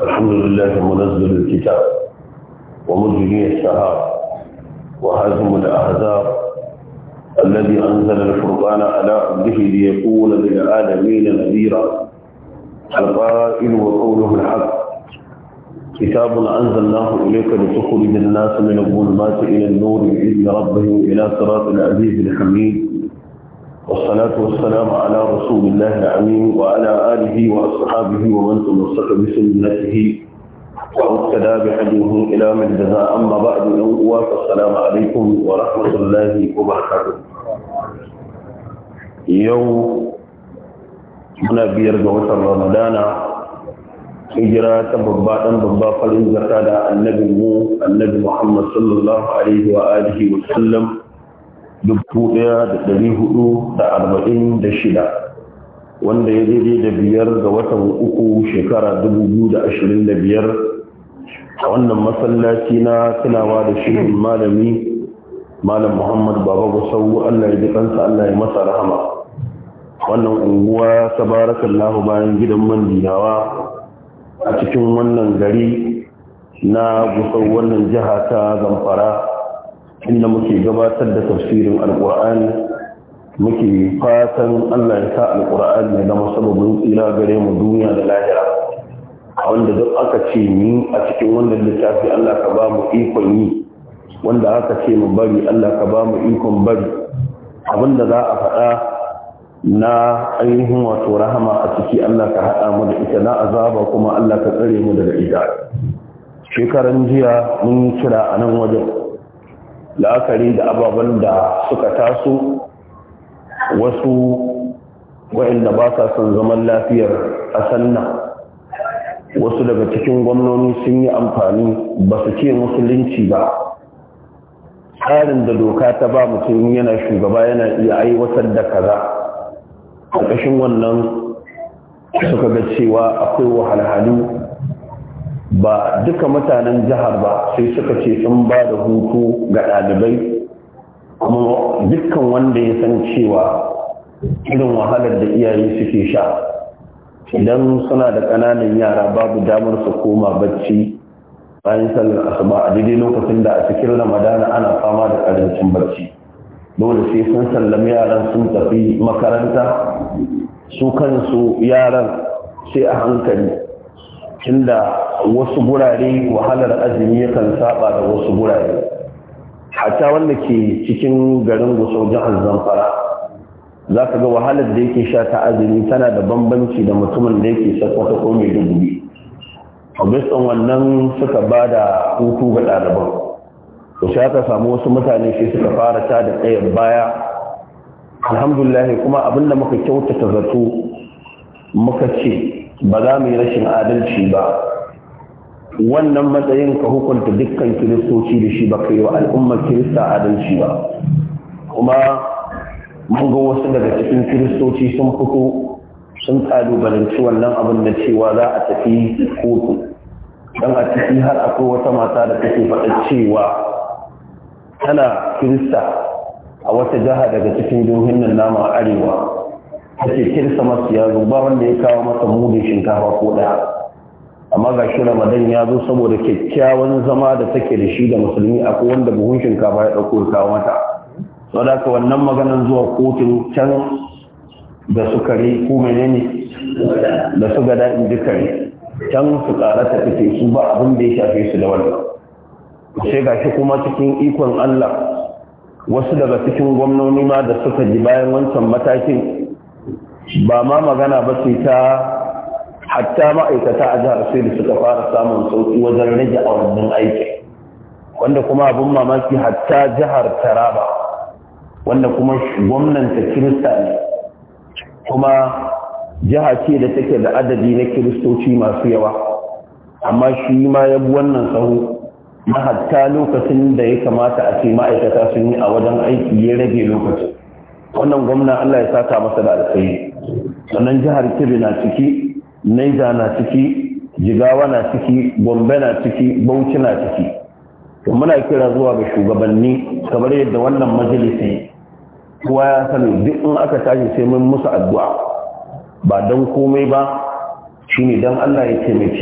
الحمد لله منزل الكتاب ومجري السحاب وهزم الأحزاب الذي أنزل الفرقان على عبده ليكون للعالمين نذيرا القائل وقوله الحق كتاب أنزلناه إليك لتخرج الناس من الظلمات إلى النور بإذن ربهم إلى صراط العزيز الحميد والصلاة والسلام على رسول الله العمين وعلى آله وأصحابه ومن تنصف بسنته وأكدى بحجمه إلى من جزاء أما بعد نوء فالسلام عليكم ورحمة الله وبركاته يوم من أبير جوت رمضان إجراء ببابا ببابا فلن زكادا النبي مو النبي محمد صلى الله عليه وآله وسلم dubu da ɗari hudu da arba'in da shida wanda ya daidai da biyar ga watan uku shekara dubu biyu da ashirin da biyar a wannan masallaci na tunawa da shirin malami malam muhammad baba gusau allah ya ji kansa allah ya masa rahama wannan unguwa tabarakallahu bayan gidan mandinawa a cikin wannan gari na gusau wannan jiha ta zamfara inda muke gabatar da tafsirin alkur'ani muke fatan allah ya sa alkur'ani ya zama sababin tsira gare mu duniya da lahira a wanda duk aka ce ni a cikin wannan littafi allah ka ba mu ikon yi wanda aka ce mu bari allah ka ba mu ikon bari abinda za a faɗa na ainihin wato rahama a ciki allah ka haɗa mu da ita na azaba kuma allah ka tsare mu daga ita shekaran jiya mun kira a nan wajen la'akari da ababen da suka taso wasu wa'inda ba sa son zaman lafiyar ƙasar nan wasu daga cikin gwamnoni sun yi amfani ba su ce musulunci ba tsarin da doka ta ba mutum yana shugaba yana iya aiwatar da kaza a ƙashin wannan suka ga cewa akwai wahalhalu ba duka mutanen jihar ba sai suka ce sun ba da hutu ga ɗalibai kuma dukkan wanda ya san cewa irin wahalar da iyaye suke sha idan suna da ƙananan yara babu damar su koma bacci bayan sallar asuba a daidai lokacin da a cikin ramadana ana fama da karancin barci dole sai sun sallami yaran sun tafi makaranta su kansu yaran sai a hankali inda wasu gurare wahalar azumi yakan saba da wasu gurare hatta wanda ke cikin garin gusau jihar zamfara za ka ga wahalar da yake sha ta azumi tana da bambanci da mutumin da yake sakwata ko mai dubu a bisan wannan suka ba da hutu ga ɗaliban ku sha ka samu wasu mutane sai suka fara ta da tsayin baya alhamdulillah kuma abin da muka kyautata zato muka ce ba za mu yi rashin adalci ba wannan matsayin ka hukunta dukkan kiristoci da shi ba ka yi wa al'ummar kirista adalci ba kuma mun ga wasu daga cikin kiristoci sun fito sun kalubalanci wannan abin da cewa za a tafi kotu don a ciki har akwai wata mata da take faɗa cewa tana kirista a wata jiha daga cikin jihohin nan nama arewa take kirsa masu yaro ba wanda ya kawo masa mudin shinkafa ko ɗaya amma ga shi ramadan ya zo saboda kyakkyawan zama da take da shi da musulmi akwai wanda buhun shinkafa ya ɗauko ya kawo mata sau da wannan maganan zuwa kotun can da su kare ko menene da su gada in ji kare can su ƙara ta fice su ba abin da ya shafe su da wannan sai ga shi kuma cikin ikon allah wasu daga cikin gwamnoni ma da suka ji bayan wancan matakin ba ma magana ba ce ta hatta ma'aikata a jihar sai suka fara samun sauki wajen rage a wannan aiki, wanda kuma abin mamaki hatta jihar taraba wanda kuma gwamnanta kirista ne kuma jiha ce da take da adadi na kiristoci masu yawa amma shi ma ya bi wannan sahu na hatta lokacin da ya kamata a ce ma'aikata sun yi a wajen aiki ya rage lokacin wannan gwamna allah ya saka masa da alkhairi sannan jihar kebbi na ciki naija na ciki jigawa na ciki gombe na ciki bauchi na ciki to muna kira zuwa ga shugabanni kamar yadda wannan majalisi kowa ya sani duk in aka tashi sai mun musu addu'a ba don komai ba shine dan Allah ya taimake